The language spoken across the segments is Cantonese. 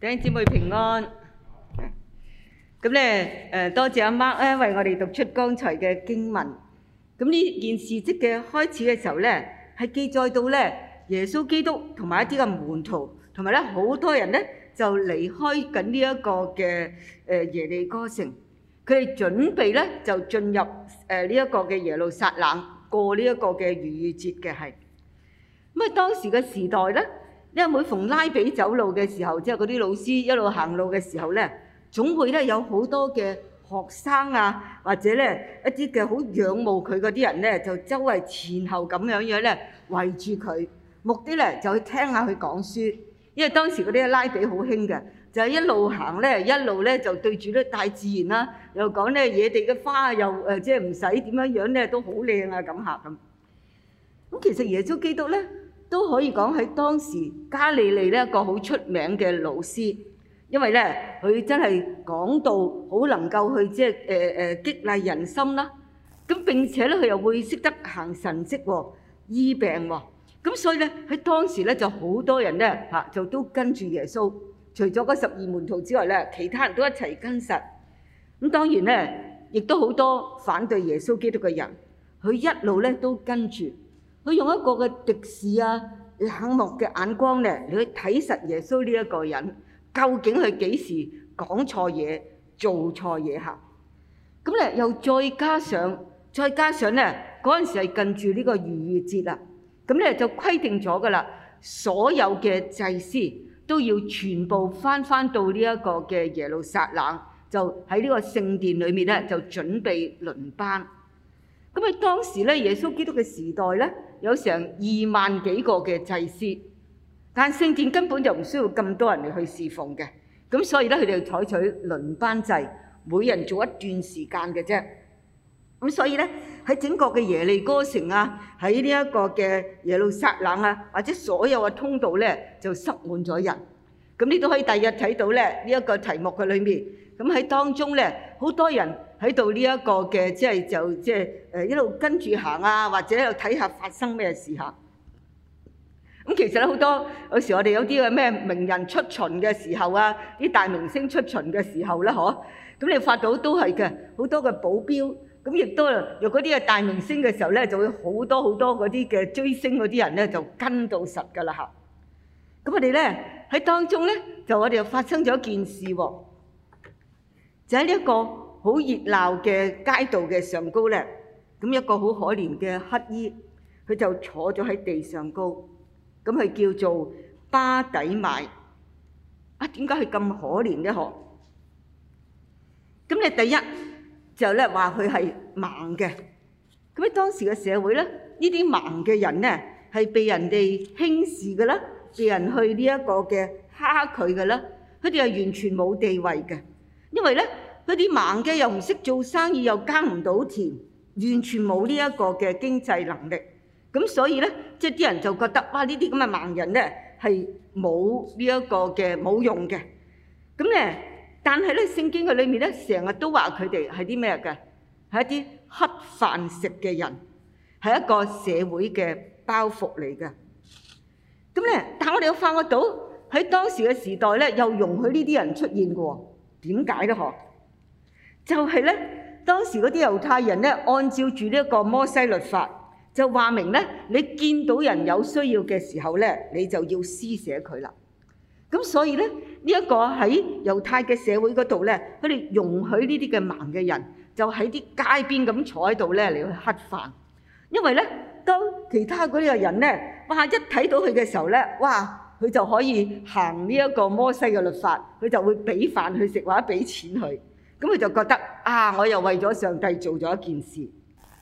弟兄姊妹平安，咁咧誒多謝阿媽咧為我哋讀出剛才嘅經文。咁呢件事蹟嘅開始嘅時候咧，係記載到咧耶穌基督同埋一啲嘅門徒，同埋咧好多人咧就離開緊呢一個嘅誒耶利哥城，佢哋準備咧就進入誒呢一個嘅耶路撒冷過呢一個嘅逾越節嘅係。咁啊，當時嘅時代咧。因為每逢拉比走路嘅時候，即係嗰啲老師一路行路嘅時候咧，總會咧有好多嘅學生啊，或者咧一啲嘅好仰慕佢嗰啲人咧，就周圍前後咁樣樣咧圍住佢，目的咧就去聽下佢講書。因為當時嗰啲拉比好興嘅，就一路行咧，一路咧就對住啲大自然啦，又講咧野地嘅花又誒，即係唔使點樣樣咧都好靚啊咁吓咁。咁其實耶穌基督咧。都可以講喺當時，加利利呢一個好出名嘅老師，因為呢佢真係講到好能夠去即係誒誒激勵人心啦。咁並且呢佢又會識得行神跡喎，醫病喎。咁所以呢喺當時呢就好多人呢嚇就都跟住耶穌，除咗嗰十二門徒之外呢，其他人都一齊跟實。咁當然呢，亦都好多反對耶穌基督嘅人，佢一路呢都跟住。佢用一個嘅敵視啊、冷漠嘅眼光咧，你去睇實耶穌呢一個人，究竟佢幾時講錯嘢、做錯嘢嚇？咁咧又再加上，再加上咧嗰陣時係近住呢個逾越節啦，咁咧就規定咗噶啦，所有嘅祭司都要全部返返到呢一個嘅耶路撒冷，就喺呢個聖殿裏面咧就準備輪班。因為當時咧，耶穌基督嘅時代咧，有成二萬幾個嘅祭司，但聖殿根本就唔需要咁多人嚟去侍奉嘅。咁所以咧，佢哋採取輪班制，每人做一段時間嘅啫。咁所以咧，喺整個嘅耶利哥城啊，喺呢一個嘅耶路撒冷啊，或者所有嘅通道咧，就塞滿咗人。咁你都可以第日睇到咧呢一個題目嘅裏面。咁喺當中咧，好多人。喺度呢一個嘅，即係就即係誒一路跟住行啊，或者又睇下發生咩事嚇。咁其實咧，好多有時我哋有啲嘅咩名人出巡嘅時候啊，啲大明星出巡嘅時候咧，嗬，咁你發到都係嘅，好多嘅保鏢。咁亦都若嗰啲啊大明星嘅時候咧，就會好多好多嗰啲嘅追星嗰啲人咧，就跟到實㗎啦吓，咁我哋咧喺當中咧，就我哋發生咗一件事喎，就喺呢一個。好熱鬧嘅街道嘅上高咧，咁一個好可憐嘅乞衣，佢就坐咗喺地上高。咁佢叫做巴底買。啊，點解佢咁可憐呢？嗬，咁你第一就咧話佢係盲嘅。咁喺當時嘅社會咧，呢啲盲嘅人咧係被人哋輕視嘅啦，被人去呢一個嘅蝦佢嘅啦，佢哋係完全冇地位嘅，因為咧。嗰啲盲嘅又唔識做生意，又耕唔到田，完全冇呢一個嘅經濟能力。咁所以咧，即係啲人就覺得哇！呢啲咁嘅盲人咧係冇呢一個嘅冇用嘅。咁咧，但係咧，聖經嘅裏面咧成日都話佢哋係啲咩嘅？係一啲乞飯食嘅人，係一個社會嘅包袱嚟㗎。咁咧，但係我哋又發覺到喺當時嘅時代咧，又容許呢啲人出現過。點解咧？嗬？就係咧，當時嗰啲猶太人咧，按照住呢一個摩西律法，就話明咧，你見到人有需要嘅時候咧，你就要施捨佢啦。咁所以咧，呢一個喺猶太嘅社會嗰度咧，佢哋容許呢啲嘅盲嘅人就喺啲街邊咁坐喺度咧嚟去乞飯，因為咧當其他嗰啲嘅人咧，哇一睇到佢嘅時候咧，哇佢就可以行呢一個摩西嘅律法，佢就會俾飯佢食或者俾錢佢。咁佢就覺得啊，我又為咗上帝做咗一件事，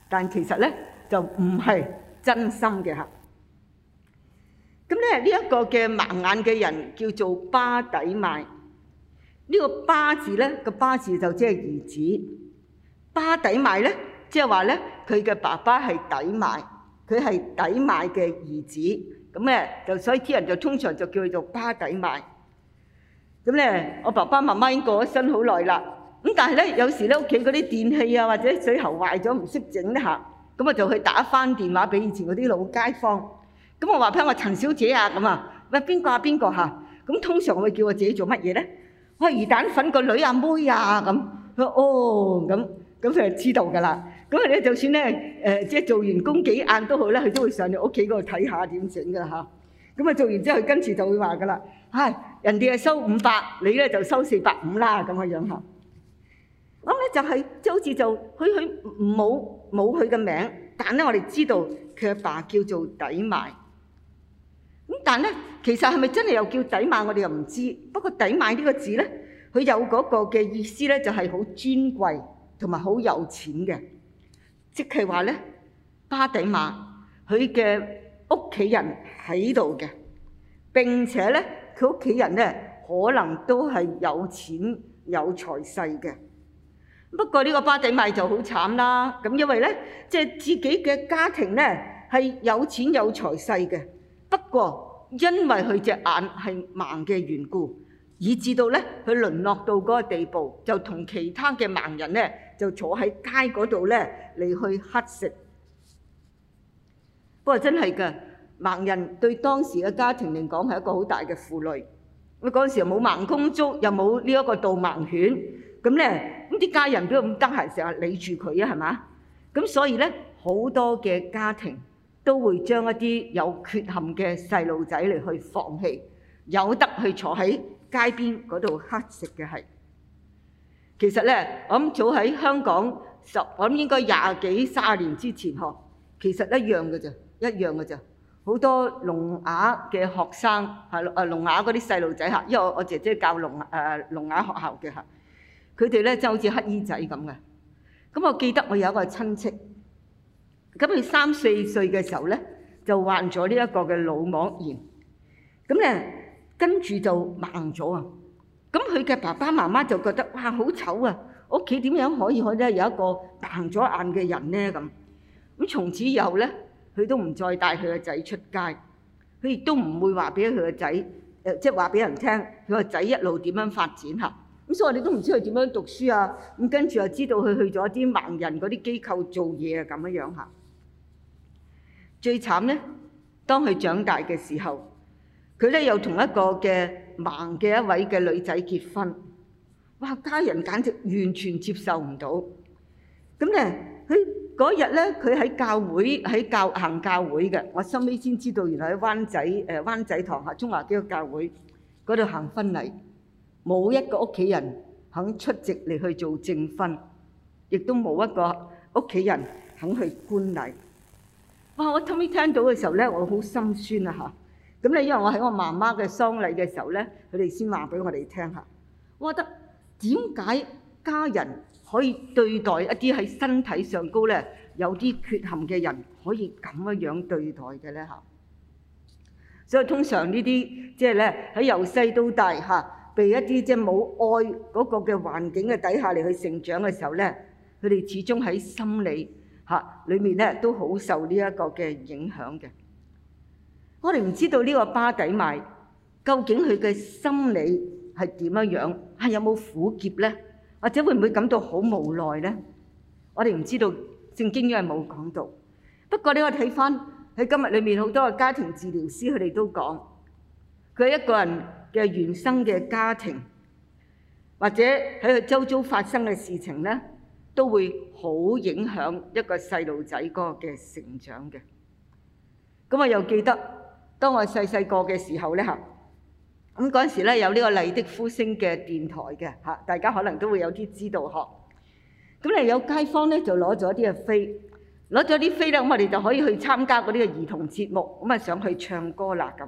但其實咧就唔係真心嘅嚇。咁咧呢一個嘅盲眼嘅人叫做巴底賣。呢個巴字咧，個巴字就即係兒子，巴底賣咧即係話咧佢嘅爸爸係底賣，佢係底賣嘅兒子。咁咧就所以啲人就通常就叫佢做巴底賣。咁咧，我爸爸媽媽已經過咗身好耐啦。咁但係咧，有時咧屋企嗰啲電器啊，或者水喉壞咗唔識整咧下，咁我就去打翻電話俾以前嗰啲老街坊。咁我話俾我陳小姐啊咁啊，喂邊個啊邊個嚇？咁通常我會叫我自己做乜嘢咧？喂，係魚蛋粉個女阿、啊、妹啊咁。佢哦咁，咁佢就知道㗎啦。咁啊咧，就算咧誒，即、呃、係做完工幾晏都好咧，佢都會上你屋企嗰度睇下點整㗎嚇。咁啊做完之後，跟住就會話㗎啦。唉、哎，人哋係收五百，你咧就收四百五啦咁嘅樣嚇。咁咧就係即係就好似就佢佢冇冇佢嘅名字，但咧我哋知道佢阿爸叫做底買咁。但咧其實係咪真係又叫底買，我哋又唔知。不過底買呢個字咧，佢有嗰個嘅意思咧，就係、是、好尊貴同埋好有錢嘅，即係話咧巴底買佢嘅屋企人喺度嘅，並且咧佢屋企人咧可能都係有錢有財勢嘅。不過呢個巴底買就好慘啦，咁因為咧，即係自己嘅家庭咧係有錢有財勢嘅。不過因為佢隻眼係盲嘅緣故，以至到咧佢淪落到嗰個地步，就同其他嘅盲人咧就坐喺街嗰度咧嚟去乞食。不過真係嘅，盲人對當時嘅家庭嚟講係一個好大嘅負累。咁嗰陣時又冇盲公竹，又冇呢一個導盲犬。咁咧，咁啲家人都咁得閒，成日理住佢啊，係嘛？咁所以咧，好多嘅家庭都會將一啲有缺陷嘅細路仔嚟去放棄，有得去坐喺街邊嗰度乞食嘅係。其實咧，我諗早喺香港十，我諗應該廿幾卅年之前呵，其實一樣嘅啫，一樣嘅啫。好多聾啞嘅學生係啊，聾啞嗰啲細路仔嚇，因為我我姐姐教聾誒聾啞學校嘅嚇。佢哋咧就好似乞衣仔咁嘅，咁我記得我有一個親戚，咁佢三四歲嘅時候咧就患咗呢一個嘅腦膜炎，咁咧跟住就盲咗啊！咁佢嘅爸爸媽媽就覺得哇好醜啊！屋企點樣可以可以有一個盲咗眼嘅人呢？咁咁從此以後咧，佢都唔再帶佢個仔出街，佢亦都唔會話俾佢個仔誒，即係話俾人聽佢個仔一路點樣發展嚇。咁所以我哋都唔知佢點樣讀書啊！咁跟住又知道佢去咗啲盲人嗰啲機構做嘢啊，咁樣樣吓。最慘咧，當佢長大嘅時候，佢咧又同一個嘅盲嘅一位嘅女仔結婚。哇！家人簡直完全接受唔到。咁咧，佢嗰日咧，佢喺教會喺教行教會嘅，我收尾先知道原來喺灣仔誒灣仔堂下中華基督教會嗰度行婚禮。冇一個屋企人肯出席嚟去做證婚，亦都冇一個屋企人肯去觀禮。哇！我頭先聽到嘅時候咧，我好心酸啊嚇。咁咧，因為我喺我媽媽嘅喪禮嘅時候咧，佢哋先話俾我哋聽嚇。我覺得點解家人可以對待一啲喺身體上高咧有啲缺陷嘅人可以咁樣樣對待嘅咧嚇？所以通常呢啲即係咧喺由細到大嚇。被一啲即係冇愛嗰個嘅環境嘅底下嚟去成長嘅時候咧，佢哋始終喺心理嚇裡面咧都好受呢一個嘅影響嘅。我哋唔知道呢個巴底買究竟佢嘅心理係點樣樣，係有冇苦澀咧，或者會唔會感到好無奈咧？我哋唔知道聖經，因為冇講到，不過呢個睇翻喺今日裡面好多嘅家庭治療師佢哋都講，佢一個人，嘅原生嘅家庭，或者喺佢周遭發生嘅事情咧，都會好影響一個細路仔嗰個嘅成長嘅。咁啊，我又記得當我細細個嘅時候咧，嚇咁嗰陣時咧有呢個麗的呼聲嘅電台嘅嚇，大家可能都會有啲知道呵。咁咧有街坊咧就攞咗啲嘅飛，攞咗啲飛咧，咁我哋就可以去參加嗰啲嘅兒童節目，咁啊想去唱歌啦咁。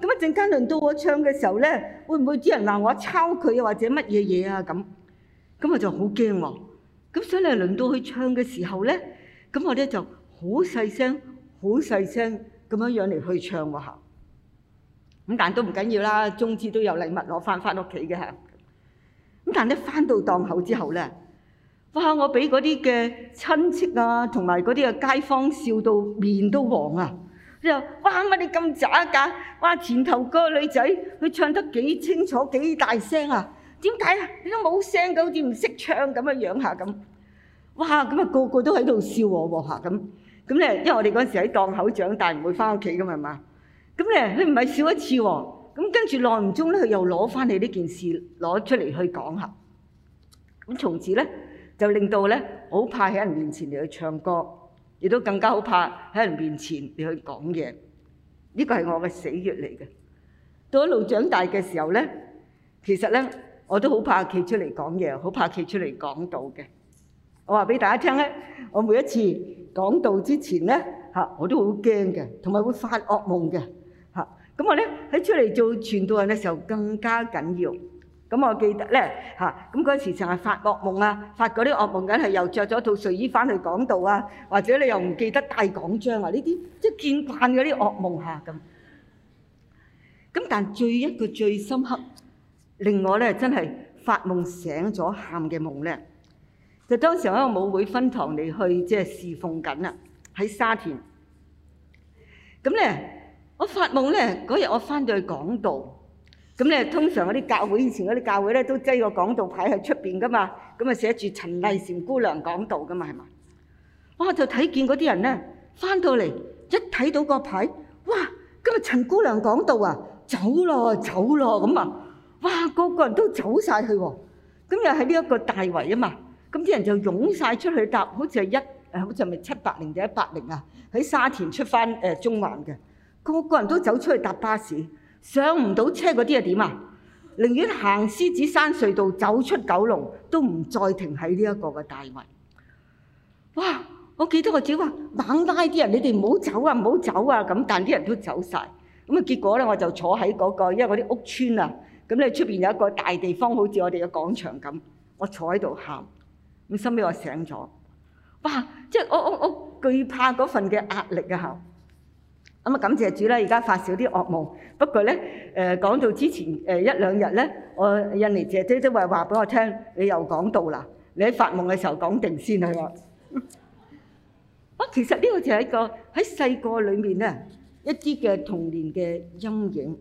咁一陣間輪到我唱嘅時候咧，會唔會啲人鬧我抄佢啊？或者乜嘢嘢啊？咁咁我就好驚喎！咁所以你輪到佢唱嘅時候咧，咁我咧就好細聲、好細聲咁樣樣嚟去唱喎、啊、咁但都唔緊要啦，總之都有禮物攞翻翻屋企嘅嚇。咁但一翻到檔口之後咧，哇！我俾嗰啲嘅親戚啊，同埋嗰啲嘅街坊笑到面都黃啊！之後，哇！乜你咁渣噶？哇！前頭個女仔，佢唱得幾清楚、幾大聲啊？點解啊？你都冇聲嘅，好似唔識唱咁嘅樣下咁。哇！咁啊，個個都喺度笑我喎嚇咁。咁咧，因為我哋嗰陣時喺檔口長大，唔會翻屋企噶嘛。咁咧，佢唔係笑一次喎。咁跟住耐唔中咧，佢又攞翻你呢件事攞出嚟去講下。咁從此咧，就令到咧好怕喺人面前嚟去唱歌。亦都更加好怕喺人面前，你去講嘢，呢個係我嘅死穴嚟嘅。到一路長大嘅時候咧，其實咧我都好怕企出嚟講嘢，好怕企出嚟講道嘅。我話俾大家聽咧，我每一次講道之前咧，吓我都好驚嘅，同埋會發噩夢嘅。吓咁我咧喺出嚟做傳道人嘅時候更加緊要。咁我記得咧嚇，咁嗰時成日發惡夢啊，發嗰啲惡夢梗係又著咗套睡衣翻去講道啊，或者你又唔記得帶講章啊，呢啲即係見慣嗰啲惡夢嚇咁。咁但係最一個最深刻令我咧真係發夢醒咗喊嘅夢咧，就當時候喺個舞會分堂嚟去即係侍奉緊啦，喺沙田。咁咧我發夢咧嗰日我翻到去講道。咁咧，通常嗰啲教會，以前嗰啲教會咧，都擠個講道牌喺出邊噶嘛，咁啊寫住陳麗蟬姑娘講道噶嘛，係嘛？哇！就睇見嗰啲人咧，翻到嚟一睇到個牌，哇！今日陳姑娘講道啊，走咯，走咯咁啊！哇，個個人都走曬去喎，咁又喺呢一個大圍啊嘛，咁啲人就湧曬出去搭，好似係一誒，好似係咪七八零定一百零啊？喺沙田出翻誒中環嘅，個個人都走出去搭巴士。上唔到車嗰啲又點啊？寧願行獅子山隧道走出九龍，都唔再停喺呢一個嘅大圍。哇！我記得我自己話猛拉啲人，你哋唔好走啊，唔好走啊！咁但係啲人都走晒。咁啊結果咧，我就坐喺嗰個，因為我啲屋村啊，咁你出邊有一個大地方，好似我哋嘅廣場咁，我坐喺度喊。咁後尾我醒咗。哇！即係我我我懼怕嗰份嘅壓力啊！嚇～咁啊，感謝主啦！而家發少啲惡夢。不過咧，誒講到之前誒一兩日咧，我印尼姐姐都話話俾我聽，你又講到啦，你喺發夢嘅時候講定先係嘛？啊，其實呢個就係一個喺細個裏面咧一啲嘅童年嘅陰影。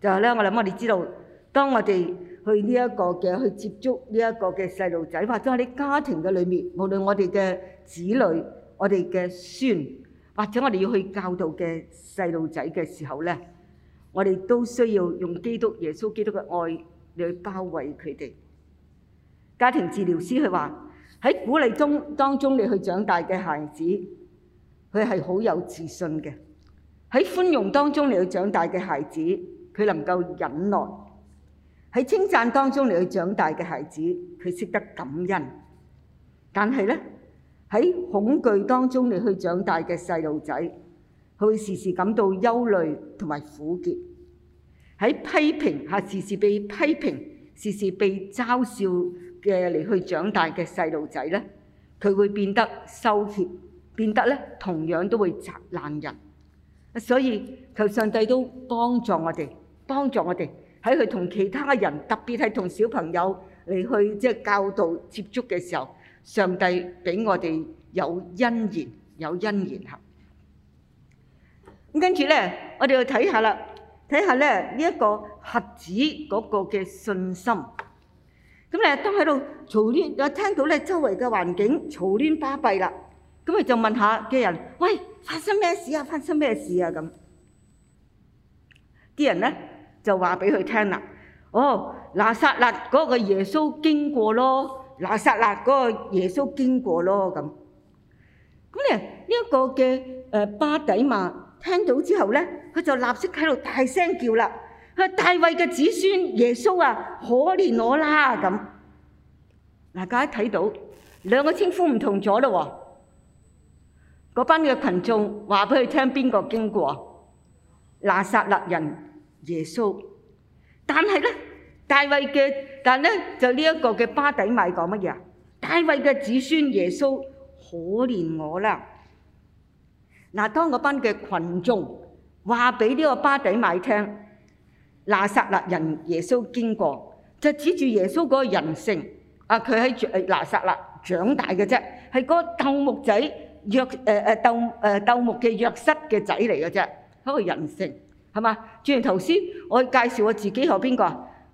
就係咧，我諗我哋知道，當我哋去呢一個嘅去接觸呢一個嘅細路仔，或者喺啲家庭嘅裏面，無論我哋嘅子女、我哋嘅孫。或者我哋要去教導嘅細路仔嘅時候呢，我哋都需要用基督耶穌基督嘅愛嚟去包圍佢哋。家庭治療師佢話：喺鼓勵中當中你去長大嘅孩子，佢係好有自信嘅；喺寬容當中你去長大嘅孩子，佢能夠忍耐；喺稱讚當中你去長大嘅孩子，佢識得感恩。但係呢。喺恐懼當中嚟去長大嘅細路仔，佢會時時感到憂慮同埋苦澀；喺批評下時時被批評、時時被嘲笑嘅嚟去長大嘅細路仔咧，佢會變得羞怯，變得咧同樣都會責難人。所以求上帝都幫助我哋，幫助我哋喺佢同其他嘅人，特別係同小朋友嚟去即係教導接觸嘅時候。上帝畀我哋有恩緣，有恩緣合。咁跟住咧，我哋去睇下啦，睇下咧呢一、這個瞎子嗰個嘅信心。咁咧都喺度嘈啲，又聽到咧周圍嘅環境嘈喧巴閉啦。咁佢就問下嘅人：，喂，發生咩事啊？發生咩事啊？咁啲人咧就話畀佢聽啦：，哦，拿撒勒嗰個耶穌經過咯。拿撒勒嗰個耶穌經過咯，咁，咁咧呢一個嘅誒巴底馬聽到之後咧，佢就立即喺度大聲叫啦：，佢話大衛嘅子孫耶穌啊，可憐我啦咁。大家一睇到兩個稱呼唔同咗咯喎，嗰班嘅羣眾話俾佢聽邊個經過，拿撒勒人耶穌，但係咧。大衛嘅，但咧就呢一個嘅巴底買講乜嘢啊？大衛嘅子孫耶穌，可憐我啦！嗱，當嗰班嘅羣眾話俾呢個巴底買聽，拿撒勒人耶穌經過，就指住耶穌嗰個人性啊！佢喺拿撒勒長大嘅啫，係個鬥木仔約誒誒鬥誒鬥木嘅約瑟嘅仔嚟嘅啫，嗰個人性係嘛？正如頭先我介紹我自己係邊個？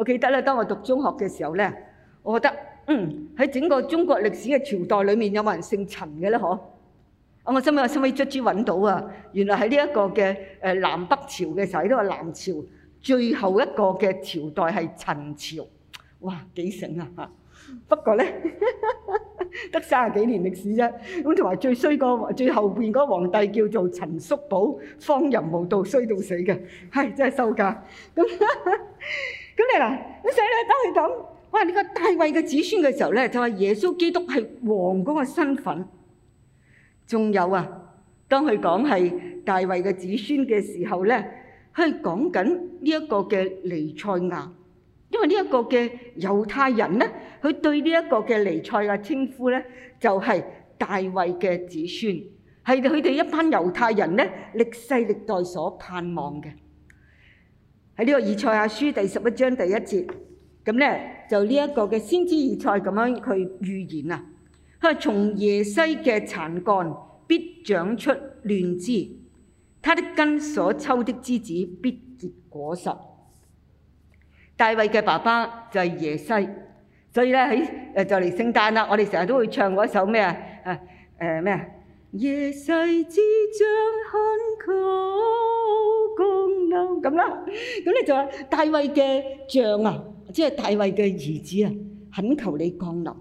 我記得咧，當我讀中學嘅時候咧，我覺得嗯，喺整個中國歷史嘅朝代裏面，有冇人姓陳嘅咧？嗬！啊，我心諗，我心諗，卒之揾到啊！原來喺呢一個嘅誒南北朝嘅時候，喺呢個南朝最後一個嘅朝代係陳朝，哇，幾醒啊嚇！不過咧，得三十幾年歷史啫。咁同埋最衰個最後邊嗰皇帝叫做陳叔寶，荒淫無道，衰到死嘅，係真係羞家。咁。咁你嗱，你成日都係講，哇！呢個大衛嘅子孫嘅時候咧，就係耶穌基督係王嗰個身份。仲有啊，當佢講係大衛嘅子孫嘅時候咧，佢講緊呢一個嘅彌賽亞，因為呢一個嘅猶太人咧，佢對呢一個嘅彌賽亞稱呼咧，就係大衛嘅子孫，係佢哋一班猶太人咧歷世歷代所盼望嘅。喺呢、這個以賽亞書第十一章第一節，咁咧就呢一個嘅先知以賽咁樣佢預言啊，佢話從耶西嘅殘幹必長出嫩枝，他的根所抽的枝子必結果實。大衛嘅爸爸就係耶西，所以咧喺誒就嚟聖誕啦，我哋成日都會唱嗰首咩啊誒誒咩啊？呃耶西之將，懇求降臨咁啦，咁你就話大衛嘅像啊，即、就、係、是、大衛嘅兒子啊，懇求你降臨。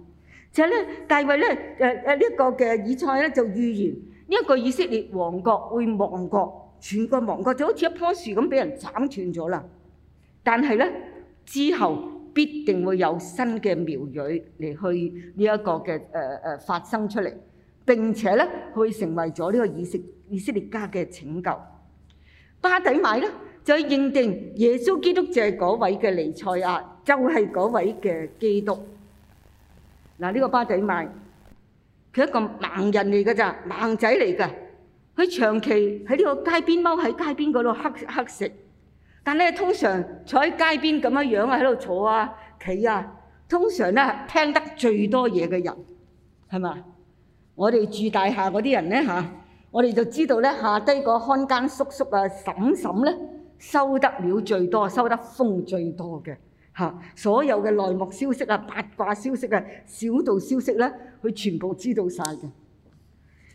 就後、是、咧，大衛咧誒誒呢一、呃這個嘅以賽咧就預言呢一、這個以色列王國會亡國，全個亡國就好似一棵樹咁俾人斬斷咗啦。但係咧之後必定會有新嘅苗蕊嚟去呢一個嘅誒誒發生出嚟。並且咧，佢成為咗呢個以色列以色列家嘅拯救。巴底買咧，就認定耶穌基督就係嗰位嘅彌賽亞，就係嗰位嘅基督。嗱，呢個巴底買，佢一個盲人嚟㗎咋，盲仔嚟㗎。佢長期喺呢個街邊踎喺街邊嗰度乞乞食，但咧通常坐喺街邊咁樣樣啊，喺度坐啊企啊，通常咧聽得最多嘢嘅人係嘛？我哋住大廈嗰啲人咧嚇，我哋就知道咧，下低個看更叔叔啊、嬸嬸咧，收得料最多，收得風最多嘅嚇。所有嘅內幕消息啊、八卦消息啊、小道消息咧，佢全部知道晒嘅。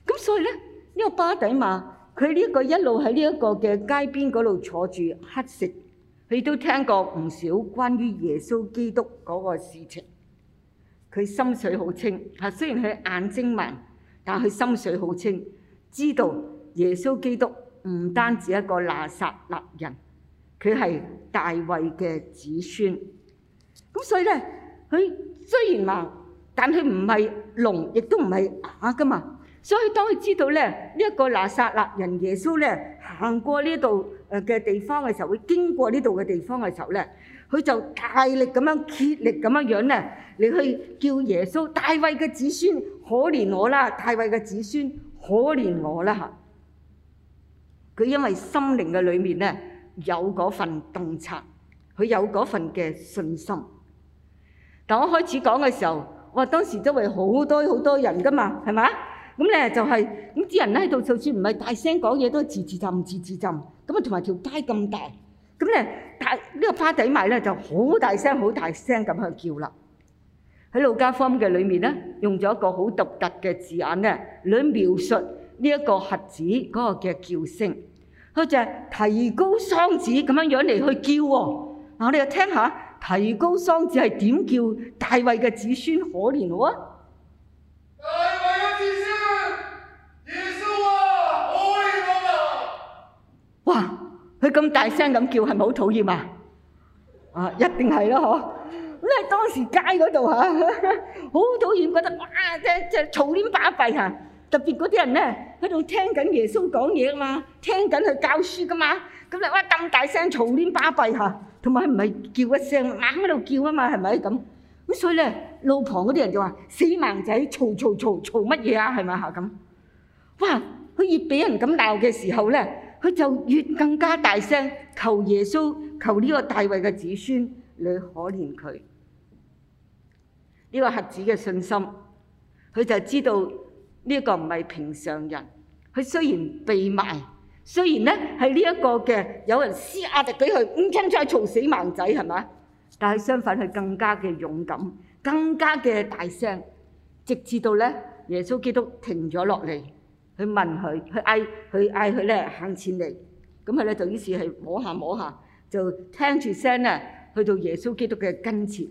咁所以咧，呢個巴底馬，佢呢個一路喺呢一個嘅街邊嗰度坐住乞食，佢都聽過唔少關於耶穌基督嗰個事情。佢心水好清嚇，雖然佢眼睛盲。但佢心水好清，知道耶穌基督唔單止一個拿撒勒人，佢係大衛嘅子孫。咁所以咧，佢雖然盲，但佢唔係聾，亦都唔係啞㗎嘛。所以當佢知道咧，呢一個拿撒勒人耶穌咧行過呢度誒嘅地方嘅時候，會經過呢度嘅地方嘅時候咧，佢就大力咁樣竭力咁樣樣咧，你去叫耶穌大衛嘅子孫可憐我啦，大衛嘅子孫可憐我啦嚇！佢因為心靈嘅裏面咧有嗰份洞察，佢有嗰份嘅信心。但我開始講嘅時候，我話當時周圍好多好多人噶嘛，係嘛？咁咧就係咁啲人咧喺度，就算唔係大聲講嘢，都字字浸字字浸。咁啊，同埋條街咁大，咁咧太呢個巴底買咧就好大聲，好大聲咁去叫啦。喺《路加福音》嘅裏面咧，用咗一個好獨特嘅字眼咧，嚟描述呢一個瞎子嗰個嘅叫聲，佢就提高嗓子咁樣樣嚟去叫喎。嗱，我哋聽下提高嗓子係點叫？大衛嘅子孫可憐喎！大衛嘅子孫，耶穌啊，可憐我啊！哇，佢咁大聲咁叫，係咪好討厭啊？啊，一定係咯，嗬！咧當時街嗰度嚇，好討厭，覺得哇！即係即係嘈喧巴閉嚇，特別嗰啲人咧喺度聽緊耶穌講嘢啊嘛，聽緊佢教書噶嘛，咁你哇咁大聲嘈喧巴閉嚇，同埋唔係叫一聲，猛喺度叫啊嘛，係咪咁？咁所以咧，路旁嗰啲人就話：死盲仔，嘈嘈嘈嘈乜嘢啊？係咪嚇咁？哇！佢越俾人咁鬧嘅時候咧，佢就越更加大聲求耶穌，求呢個大衞嘅子孫嚟可憐佢。呢個瞎子嘅信心，佢就知道呢個唔係平常人。佢雖然被埋，雖然咧係呢一個嘅有人施壓力就俾佢唔聽再嘈死盲仔係咪？但係相反，佢更加嘅勇敢，更加嘅大聲，直至到咧耶穌基督停咗落嚟，去問佢，去嗌佢，嗌佢咧行前嚟。咁佢咧就於是係摸一下，摸一下，就聽住聲咧去到耶穌基督嘅跟前。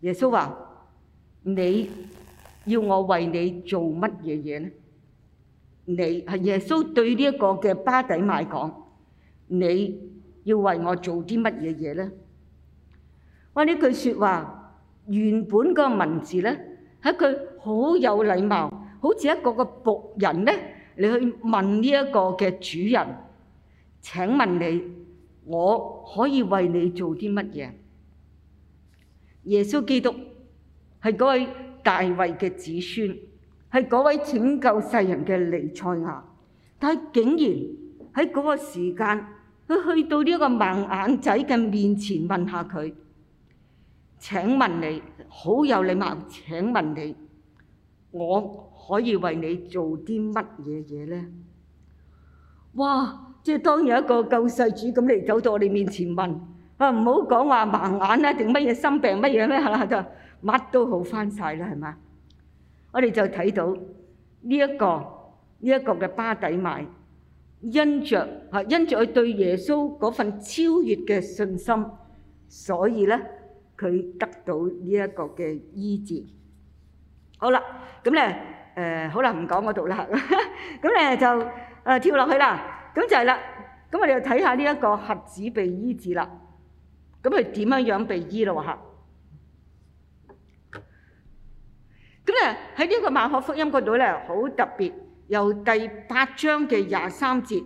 耶穌話。你要我為你做乜嘢嘢呢？你係耶穌，對呢一個嘅巴底買講：你要為我做啲乜嘢嘢呢？哇！呢句説話原本個文字呢，係一句好有禮貌，好似一個個僕人呢，你去問呢一個嘅主人：請問你，我可以為你做啲乜嘢？耶穌基督。係嗰位大衞嘅子孫，係嗰位拯救世人嘅彌賽亞，但係竟然喺嗰個時間，佢去到呢一個盲眼仔嘅面前問下佢：請問你好有禮貌？請問你我可以為你做啲乜嘢嘢咧？哇！即係當有一個救世主咁嚟走到我哋面前問啊，唔好講話盲眼啊定乜嘢心病乜嘢咧？係啦，就。乜都好翻晒啦，係嘛？我哋就睇到呢一個呢一個嘅巴底買，因着啊，因着佢對耶穌嗰份超越嘅信心，所以咧佢得到呢一個嘅醫治。好啦，咁咧誒好啦，唔講嗰度啦。咁咧就啊跳落去啦。咁就係啦。咁我哋就睇下呢一個瞎子被醫治啦。咁佢點樣樣被醫咯？吓？喺呢個《馬可福音》嗰度咧，好特別，由第八章嘅廿三節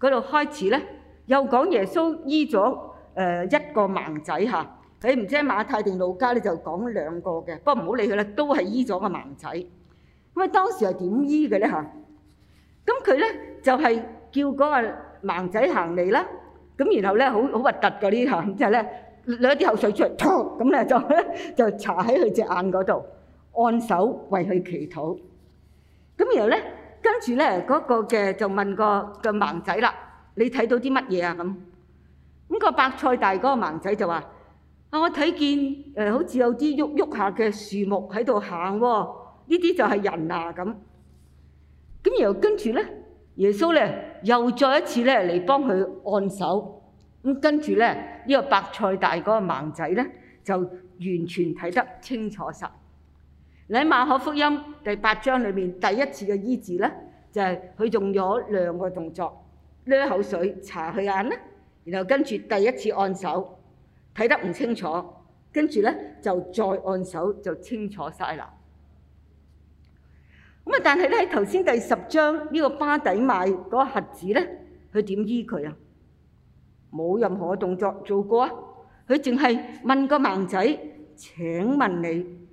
嗰度開始咧，又講耶穌醫咗誒一個盲仔嚇。誒唔知喺馬太定路加咧就講兩個嘅，不過唔好理佢啦，都係醫咗個盲仔。咁啊，當時係點醫嘅咧嚇？咁佢咧就係叫嗰個盲仔行嚟啦。咁然後咧好好核突噶呢嚇，之後咧攞啲口水出嚟，咁咧就就搽喺佢隻眼嗰度。按手為佢祈禱咁，然後咧跟住咧嗰個嘅就問個個盲仔啦：你睇到啲乜嘢啊？咁咁個白菜大嗰個盲仔就話：啊，我睇見誒好似有啲喐喐下嘅樹木喺度行喎，呢啲就係人啊咁。咁然後跟住咧，耶穌咧又再一次咧嚟幫佢按手咁，跟住咧呢個白菜大嗰個盲仔咧就完全睇得清楚晒。喺馬可福音第八章裏面，第一次嘅醫治咧，就係佢用咗兩個動作，攣口水擦佢眼啦，然後跟住第一次按手，睇得唔清楚，跟住咧就再按手就清楚曬啦。咁啊，但係咧喺頭先第十章呢個巴底買嗰個瞎子咧，佢點醫佢啊？冇任何動作做過啊，佢淨係問個盲仔：請問你？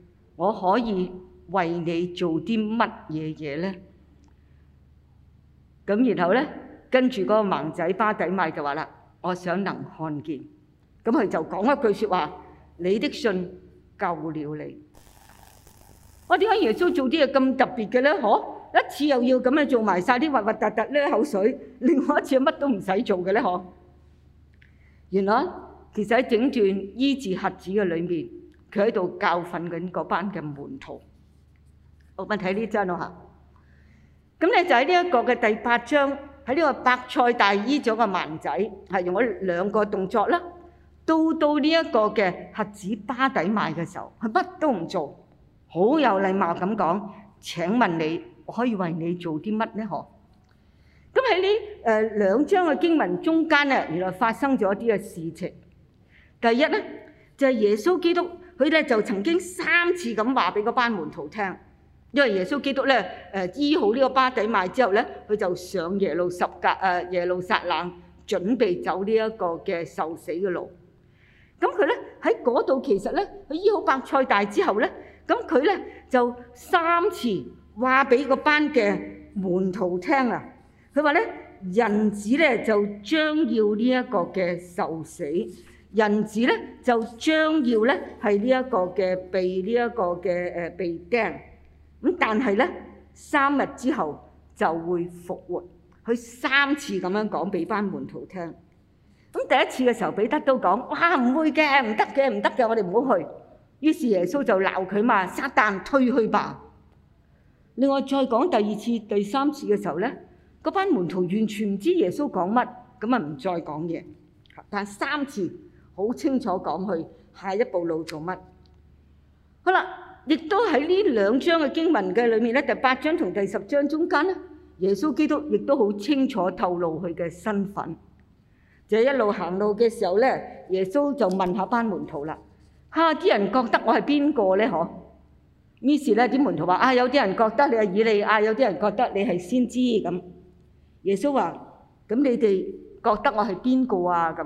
我可以為你做啲乜嘢嘢呢？咁然後呢，跟住嗰個盲仔巴底買就話啦：我想能看見。咁佢就講一句説話：你的信救了你。我點解耶穌做啲嘢咁特別嘅呢？嗬，一次又要咁樣做埋晒啲核核突突咧口水，另外一次乜都唔使做嘅呢？嗬。原來其實喺整段醫治瞎子嘅裏面。佢喺度教訓緊嗰班嘅門徒。我問睇呢張咯吓，咁你就喺呢一個嘅第八章，喺呢個白菜大衣咗個盲仔，係用咗兩個動作啦。到到呢一個嘅瞎子巴底賣嘅時候，佢乜都唔做，好有禮貌咁講：請問你我可以為你做啲乜呢？嗬。咁喺呢誒兩章嘅經文中間咧，原來發生咗一啲嘅事情。第一咧就係耶穌基督。佢咧就曾經三次咁話俾個班門徒聽，因為耶穌基督咧誒醫好呢個巴底買之後咧，佢就上耶路十格誒耶路撒冷，準備走呢一個嘅受死嘅路。咁佢咧喺嗰度其實咧，佢醫好伯賽大之後咧，咁佢咧就三次話俾個班嘅門徒聽啊，佢話咧，人子咧就將要呢一個嘅受死。人子咧就將要咧係呢一個嘅被呢一個嘅誒被釘，咁但係咧三日之後就會復活。佢三次咁樣講俾班門徒聽。咁第一次嘅時候，彼得都講：哇唔會嘅，唔得嘅，唔得嘅，我哋唔好去。於是耶穌就鬧佢嘛：撒但退去吧！另外再講第二次、第三次嘅時候咧，嗰班門徒完全唔知耶穌講乜，咁啊唔再講嘢。但三次。好清楚講去下一步路做乜？好啦，亦都喺呢兩章嘅經文嘅裏面咧，第八章同第十章中間咧，耶穌基督亦都好清楚透露佢嘅身份。就一路行路嘅時候咧，耶穌就問下班門徒啦：嚇啲人覺得我係邊個咧？嗬？於是咧啲門徒話：啊有啲人覺得你係以利，啊有啲人覺得你係先知咁。耶穌話：咁你哋覺得我係邊個啊？咁？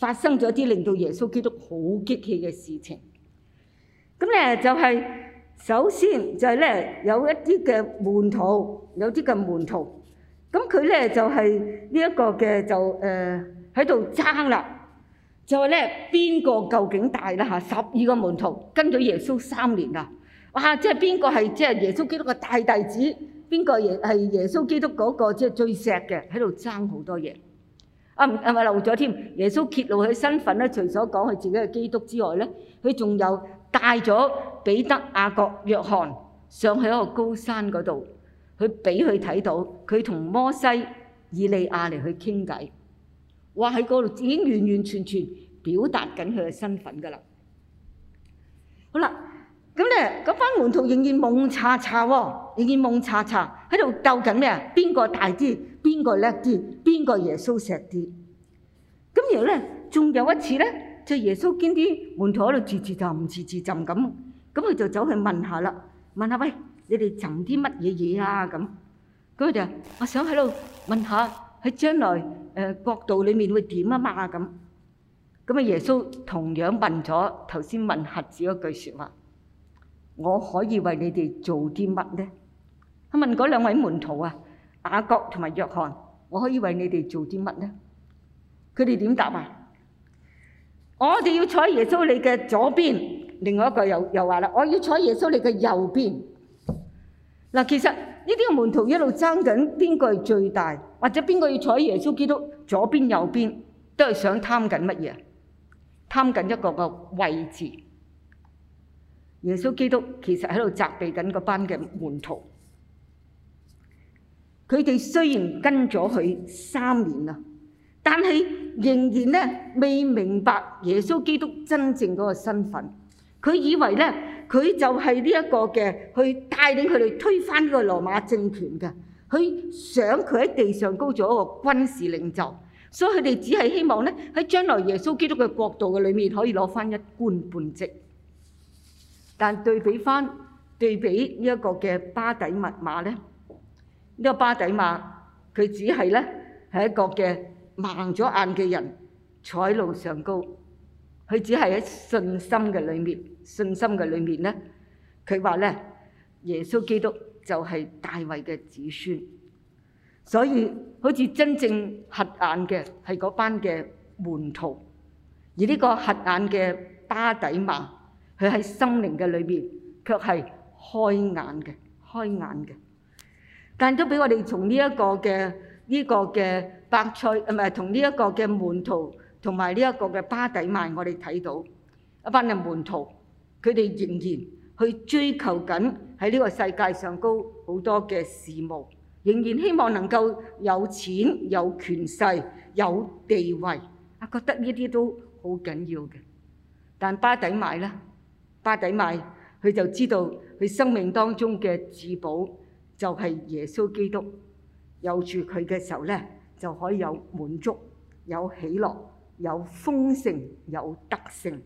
發生咗啲令到耶穌基督好激氣嘅事情，咁咧就係首先就係咧有一啲嘅門徒，有啲嘅門徒，咁佢咧就係呢一個嘅就誒喺度爭啦，就係咧邊個究竟大啦嚇？十二個門徒跟咗耶穌三年啦，哇、啊！即係邊個係即係耶穌基督嘅大弟子？邊個係係耶穌基督嗰個即係最錫嘅？喺度爭好多嘢。啊唔啊係咪漏咗添！耶穌揭露佢身份咧，除咗講佢自己係基督之外咧，佢仲有帶咗彼得、雅各、約翰上去一個高山嗰度，去俾佢睇到佢同摩西、以利亞嚟去傾偈。哇！喺嗰度已經完完全全表達緊佢嘅身份噶啦。好啦，咁咧嗰班門徒仍然蒙查查喎，仍然蒙查查喺度鬥緊咩？邊個大啲？邊個叻啲？邊個耶穌錫啲？咁然後咧，仲有一次咧，就耶穌見啲門徒喺度吱吱浸，吱吱浸咁，咁佢就走去問下啦，問下喂，你哋浸啲乜嘢嘢啊？咁，咁佢就我想喺度問下，喺將來誒國度裡面會點啊嘛？咁，咁啊耶穌同樣問咗頭先問瞎子嗰句説話，我可以為你哋做啲乜咧？佢問嗰兩位門徒啊。雅各同埋約翰，我可以為你哋做啲乜呢？佢哋點答啊？我哋要坐耶穌你嘅左邊。另外一個又又話啦，我要坐耶穌你嘅右邊。嗱，其實呢啲門徒一路爭緊邊個係最大，或者邊個要坐耶穌基督左邊右邊，都係想貪緊乜嘢？貪緊一個個位置。耶穌基督其實喺度責備緊個班嘅門徒。佢哋雖然跟咗佢三年啦，但係仍然咧未明白耶穌基督真正嗰個身份。佢以為咧佢就係呢一個嘅去帶領佢哋推翻呢個羅馬政權嘅。佢想佢喺地上高做一個軍事領袖，所以佢哋只係希望咧喺將來耶穌基督嘅國度嘅裏面可以攞返一官半職。但對比返，對比呢一個嘅巴底密碼咧。呢個巴底馬，佢只係咧係一個嘅盲咗眼嘅人，坐喺路上高，佢只係喺信心嘅裏面，信心嘅裏面咧，佢話咧，耶穌基督就係大衛嘅子孫，所以好似真正瞎眼嘅係嗰班嘅門徒，而呢個瞎眼嘅巴底馬，佢喺心靈嘅裏面卻係開眼嘅，開眼嘅。但都俾我哋從呢一個嘅呢個嘅白菜，唔係同呢一個嘅門徒同埋呢一個嘅巴底買，我哋睇到一班人門徒，佢哋仍然去追求緊喺呢個世界上高好多嘅事務，仍然希望能夠有錢、有權勢、有地位，啊覺得呢啲都好緊要嘅。但巴底買咧，巴底買佢就知道佢生命當中嘅至寶。就係耶穌基督有住佢嘅時候呢，就可以有滿足、有喜樂、有豐盛、有得勝。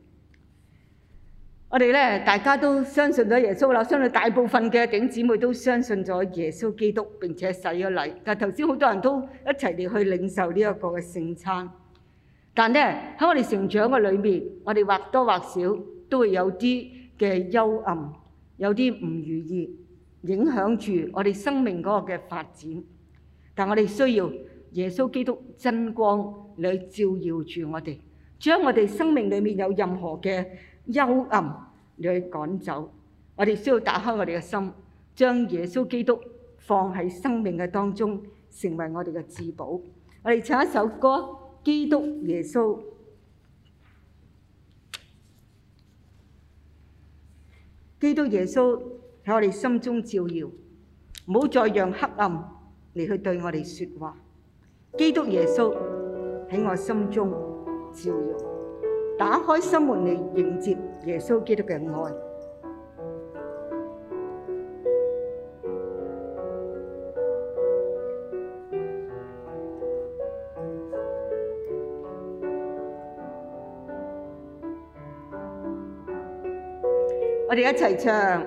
我哋呢，大家都相信咗耶穌啦，相信大部分嘅弟兄姊妹都相信咗耶穌基督，並且洗咗禮。但頭先好多人都一齊嚟去領受呢一個嘅聖餐。但呢喺我哋成長嘅裏面，我哋或多或少都會有啲嘅幽暗，有啲唔如意。影響住我哋生命嗰個嘅發展，但我哋需要耶穌基督真光嚟照耀住我哋，將我哋生命裡面有任何嘅幽暗嚟趕走。我哋需要打開我哋嘅心，將耶穌基督放喺生命嘅當中，成為我哋嘅至寶。我哋唱一首歌，《基督耶穌》，基督耶穌。喺我哋心中照耀，唔好再讓黑暗嚟去對我哋說話。基督耶穌喺我心中照耀，打開心門嚟迎接耶穌基督嘅愛。我哋一齊唱。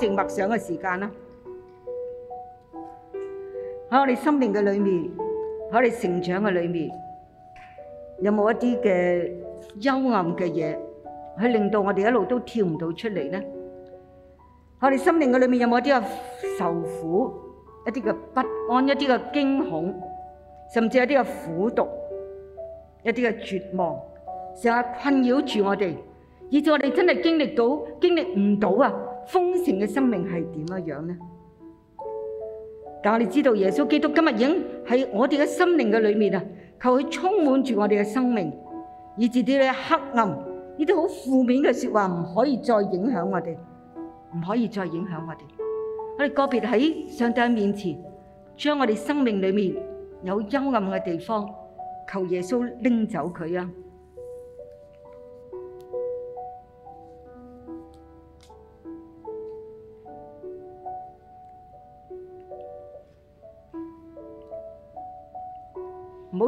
靜默想嘅時間啦，喺我哋心靈嘅裏面，喺我哋成長嘅裏面，有冇一啲嘅幽暗嘅嘢，去令到我哋一路都跳唔到出嚟咧？我哋心靈嘅裏面有冇一啲嘅受苦，一啲嘅不安，一啲嘅驚恐，甚至有啲嘅苦毒，一啲嘅絕望，成日困擾住我哋，以至我哋真係經歷到經歷唔到啊！豐盛嘅生命係點樣樣咧？但我哋知道耶穌基督今日已經喺我哋嘅心靈嘅裏面啊，求佢充滿住我哋嘅生命，以至啲黑暗、呢啲好負面嘅說話唔可以再影響我哋，唔可以再影響我哋。我哋個別喺上帝嘅面前，將我哋生命裏面有幽暗嘅地方，求耶穌拎走佢啊！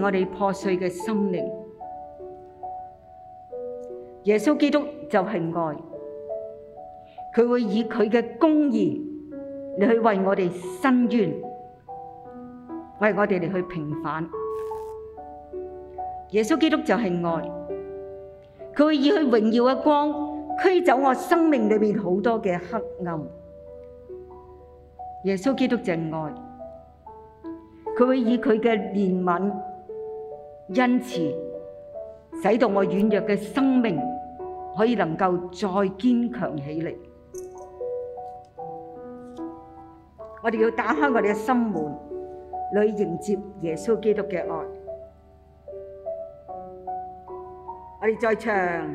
我哋破碎嘅心靈，耶穌基督就係愛，佢會以佢嘅公義嚟去為我哋伸冤，為我哋嚟去平反。耶穌基督就係愛，佢會以佢榮耀嘅光驅走我生命裏邊好多嘅黑暗。耶穌基督就係愛，佢會以佢嘅憐憫。因此，使到我軟弱嘅生命可以能夠再堅強起嚟。我哋要打開我哋嘅心門，嚟迎接耶穌基督嘅愛。我哋再唱。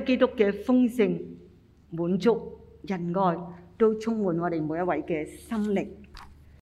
基督嘅豐盛、滿足、仁愛，都充滿我哋每一位嘅心靈。